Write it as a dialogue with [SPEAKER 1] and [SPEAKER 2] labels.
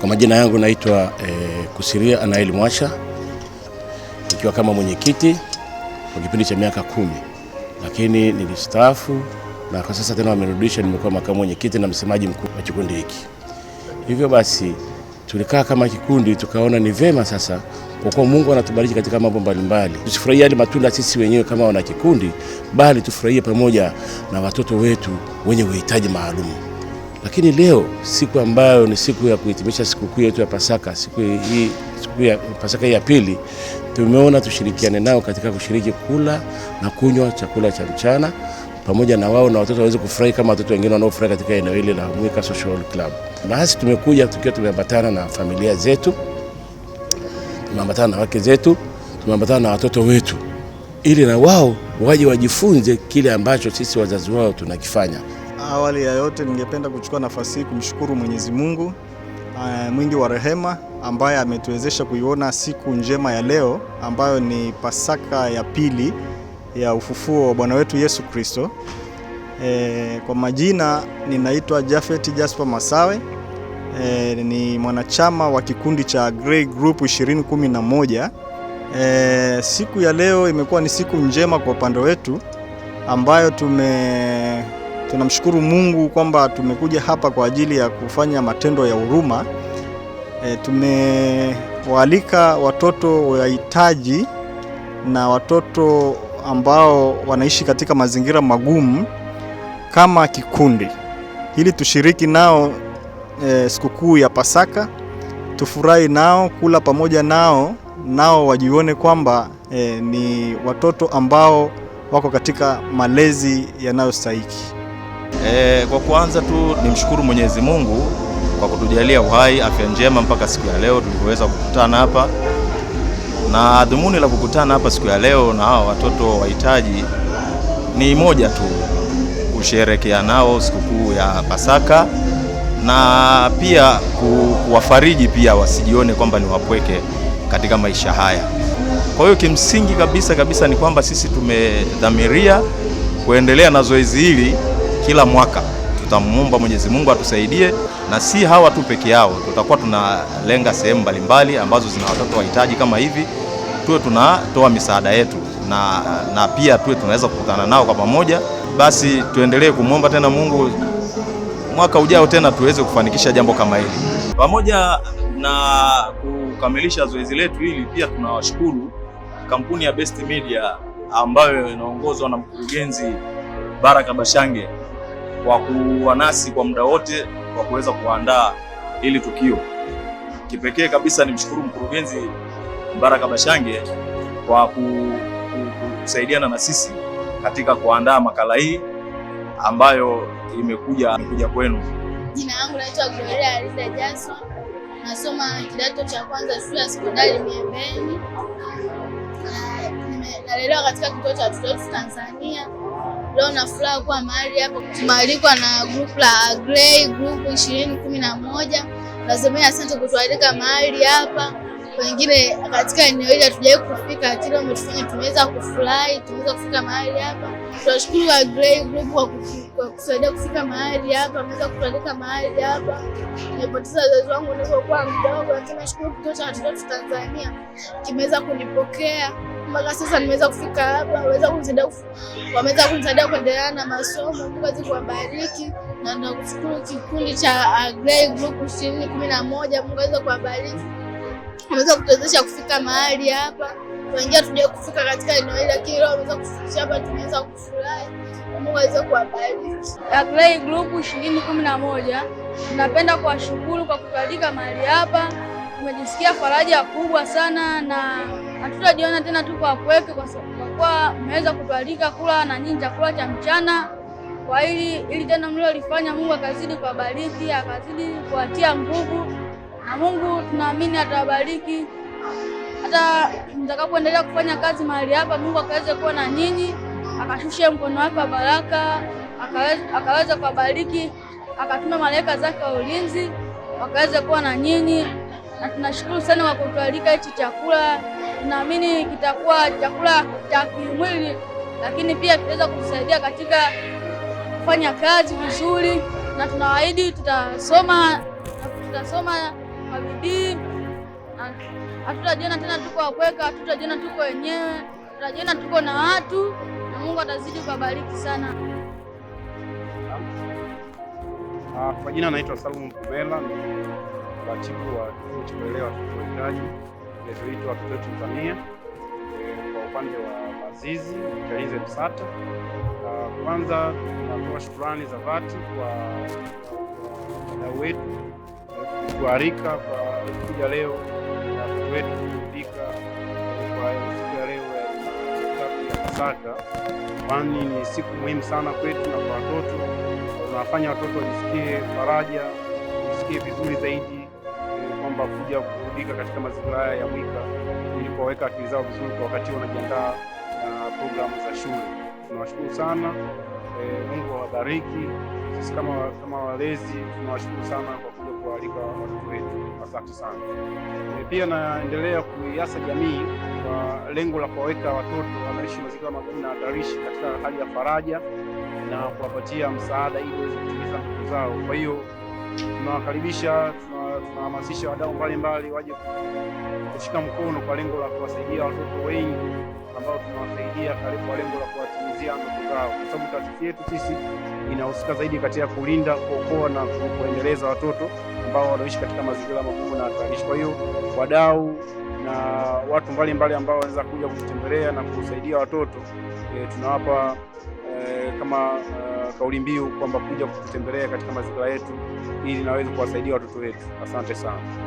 [SPEAKER 1] Kwa majina yangu naitwa e, Kusiria Anael Mwasha nikiwa kama mwenyekiti kwa kipindi cha miaka kumi, lakini nilistaafu na kwa sasa tena wamerudisha, nimekuwa makamu mwenyekiti na msemaji mkuu wa kikundi hiki. Hivyo basi tulikaa kama kikundi tukaona ni vema sasa, kwa kuwa Mungu anatubariki katika mambo mbalimbali, tusifurahie yale matunda sisi wenyewe kama wana kikundi, bali tufurahie pamoja na watoto wetu wenye uhitaji maalumu. Lakini leo siku ambayo ni siku ya kuhitimisha sikukuu yetu ya Pasaka, siku hii siku ya Pasaka ya pili, tumeona tushirikiane nao katika kushiriki kula na kunywa chakula cha mchana pamoja na wao na watoto waweze kufurahi kama watoto wengine wanaofurahi katika eneo hili la Mwika Social Club. Basi tumekuja tukiwa tumeambatana na familia zetu, tumeambatana na wake zetu, tumeambatana na watoto wetu, ili na wao waje wajifunze kile ambacho sisi wazazi wao tunakifanya.
[SPEAKER 2] Awali ya yote, ningependa kuchukua nafasi hii kumshukuru Mwenyezi Mungu eh, mwingi wa rehema ambaye ametuwezesha kuiona siku njema ya leo ambayo ni Pasaka ya pili ya ufufuo wa Bwana wetu Yesu Kristo. E, kwa majina ninaitwa Jafet Jasper Masawe. E, ni mwanachama wa kikundi cha Grey Group 2011. E, siku ya leo imekuwa ni siku njema kwa upande wetu ambayo tume Tunamshukuru Mungu kwamba tumekuja hapa kwa ajili ya kufanya matendo ya huruma. E, tumewaalika watoto wahitaji na watoto ambao wanaishi katika mazingira magumu kama kikundi ili tushiriki nao e, sikukuu ya Pasaka, tufurahi nao, kula pamoja nao, nao wajione kwamba e, ni watoto ambao wako katika malezi yanayostahiki.
[SPEAKER 3] E, kwa kuanza tu nimshukuru Mwenyezi Mungu kwa kutujalia uhai, afya njema mpaka siku ya leo tulivyoweza kukutana hapa, na dhumuni la kukutana hapa siku ya leo na hawa watoto wahitaji ni moja tu, kusherekea nao sikukuu ya Pasaka na pia kuwafariji pia wasijione kwamba ni wapweke katika maisha haya. Kwa hiyo kimsingi kabisa kabisa ni kwamba sisi tumedhamiria kuendelea na zoezi hili kila mwaka tutamuomba Mwenyezi Mungu atusaidie, na si hawa tu peke yao. Tutakuwa tunalenga sehemu mbalimbali ambazo zina watoto wahitaji kama hivi, tuwe tunatoa misaada yetu na, na pia tuwe tunaweza kukutana nao kwa pamoja. Basi tuendelee kumwomba tena Mungu, mwaka ujao tena tuweze kufanikisha jambo kama hili.
[SPEAKER 4] Pamoja na kukamilisha zoezi letu hili, pia tunawashukuru kampuni ya Best Media ambayo inaongozwa na mkurugenzi Baraka Bashange kwa kuwa nasi kwa muda wote kwa kuweza kuandaa hili tukio. Kipekee kabisa nimshukuru mkurugenzi Mbaraka Bashange kwa kusaidiana na sisi katika kuandaa makala hii ambayo imekuja imekuja kwenu.
[SPEAKER 5] Jina langu naitwa Gloria Aliza Jason, nasoma kidato cha kwanza shule ya sekondari Miembeni nalelewa katika kituo cha watoto Tanzania. Leo na furaha kuwa mahali hapo, tumealikwa na grupu la Grey grupu ishirini kumi na moja. Lazima asante kutualika mahali hapa, wengine katika eneo hili hatujawahi kufika, lakini wametufanya tumeweza kufurahi, tumeweza kufika mahali hapa. Tunashukuru wa Grey Group kwa kusaidia kufika mahali hapa, ameweza kutualika mahali hapa. Nimepoteza wazazi wangu nilipokuwa mdogo, lakini nashukuru kituo cha watoto Tanzania kimeweza kunipokea mpaka sasa nimeweza kufika hapa, waweza kunisaidia, wameweza kunisaidia kuendelea na masomo. Mungu azidi kuwabariki, na nakushukuru kikundi cha Agrey uh, Group ishirini kumi na moja. Mungu azidi kuwabariki, wameweza kutuwezesha kufika mahali hapa. tuingia, hatujawahi kufika katika eneo hili, lakini leo wameweza kufikisha hapa, tumeweza kufurahi. Mungu aweze kuwabariki.
[SPEAKER 6] Agrey Group ishirini kumi na moja, tunapenda kuwashukuru kwa kutualika mahali hapa, tumejisikia faraja kubwa sana na hatutajiona tena tu kwa kweke, kwa kuwa mmeweza kutualika kula na nyinyi chakula cha mchana. Kwa hili ili tendo mlilolifanya, Mungu akazidi kuwabariki, akazidi kuwatia nguvu, na Mungu tunaamini atawabariki hata mtakapoendelea kufanya kazi mahali hapa. Mungu akaweze kuwa na nyinyi, akashushe mkono wake wa baraka, akaweza kuwabariki, akatuma malaika zake wa ulinzi wakaweze kuwa na nyinyi, na tunashukuru sana kwa kutualika hichi chakula tunaamini kitakuwa chakula cha kimwili, lakini pia kitaweza kutusaidia katika kufanya kazi vizuri, na tunawaahidi tutasoma tutasoma kwa bidii, hatutajiona tena tuko wakweka, hatutajiona tuko wenyewe, tutajiona tuko na watu, na Mungu atazidi kubariki sana.
[SPEAKER 7] Ah, kwa jina naitwa Salumu Mvumela, ni mratibu wa kituo cha kulelea watoto wahitaji vilevile watoto wetu Tanzania eh, kwa upande wa mazizi Kaize Msata. Ah, kwanza tunatoa shukurani za dhati kwa wadau wetu kutuarika kwa kuja leo na watoto wetu kurudika kwa siku ya leo ya Pasaka, kwani ni siku muhimu sana kwetu na kwa watoto. Tunawafanya watoto wajisikie faraja, wajisikie vizuri zaidi kwamba kuja kurudika katika mazingira haya ya Mwika ili kuwaweka akili zao vizuri kwa wakati wanajiandaa na programu za shule. Tunawashukuru sana e, Mungu awabariki. Sisi kama, kama walezi tunawashukuru sana kwa kuja kuwaalika watoto wetu, asante sana. E, pia naendelea kuiasa jamii kwa lengo la kuwaweka watoto wanaishi mazingira magumu na hatarishi katika hali ya faraja na kuwapatia msaada ili waweze kutimiza ndoto zao. Kwa hiyo tunawakaribisha, tunahamasisha wadau mbalimbali waje kushika mkono kwa lengo la kuwasaidia watoto wengi ambao tunawasaidia kwa lengo la kuwatimizia ndoto zao, kwa sababu taasisi yetu sisi inahusika zaidi katika kulinda, kuokoa na kuendeleza watoto ambao wanaishi katika mazingira magumu na hatarishi. Kwa hiyo wadau na watu mbalimbali ambao wanaweza kuja kutembelea na kusaidia watoto e, tunawapa Eh, kama uh, kauli mbiu kwamba kuja kututembelea katika mazingira yetu ili naweze kuwasaidia watoto wetu. Asante sana.